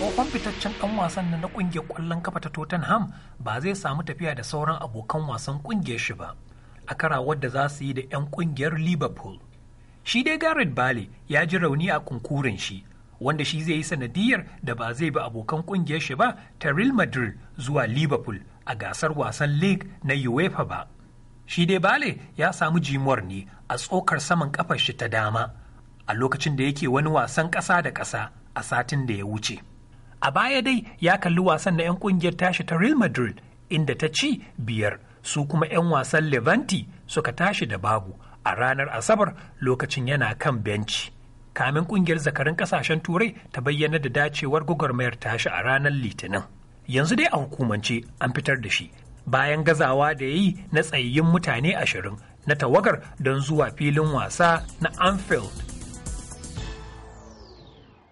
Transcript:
tsohon fitaccen dan wasan na kungiyar kwallon kafa ta Tottenham ba zai samu tafiya da sauran abokan wasan kungiyar shi ba a karawar da za su yi da 'yan kungiyar Liverpool. Shi dai Gareth Bale ya ji rauni a kunkurin shi wanda shi zai yi sanadiyar da ba zai bi abokan kungiyar shi ba ta Real Madrid zuwa Liverpool a gasar wasan League na UEFA ba. Shi dai Bale ya samu jimuwar ne a tsokar saman kafar shi ta dama a lokacin da yake wani wasan ƙasa da ƙasa a satin da ya wuce. a baya dai ya kalli wasan na 'yan kungiyar tashi ta real madrid inda ta ci biyar su kuma 'yan wasan levanti suka tashi da babu a ranar asabar lokacin yana kan benci kamin kungiyar zakarin kasashen turai ta bayyana da dacewar gwagwarmayar tashi a ranar litinin yanzu dai a hukumance an fitar da shi bayan gazawa da ya yi na tsayayyin mutane ashirin na tawagar don zuwa filin wasa na anfield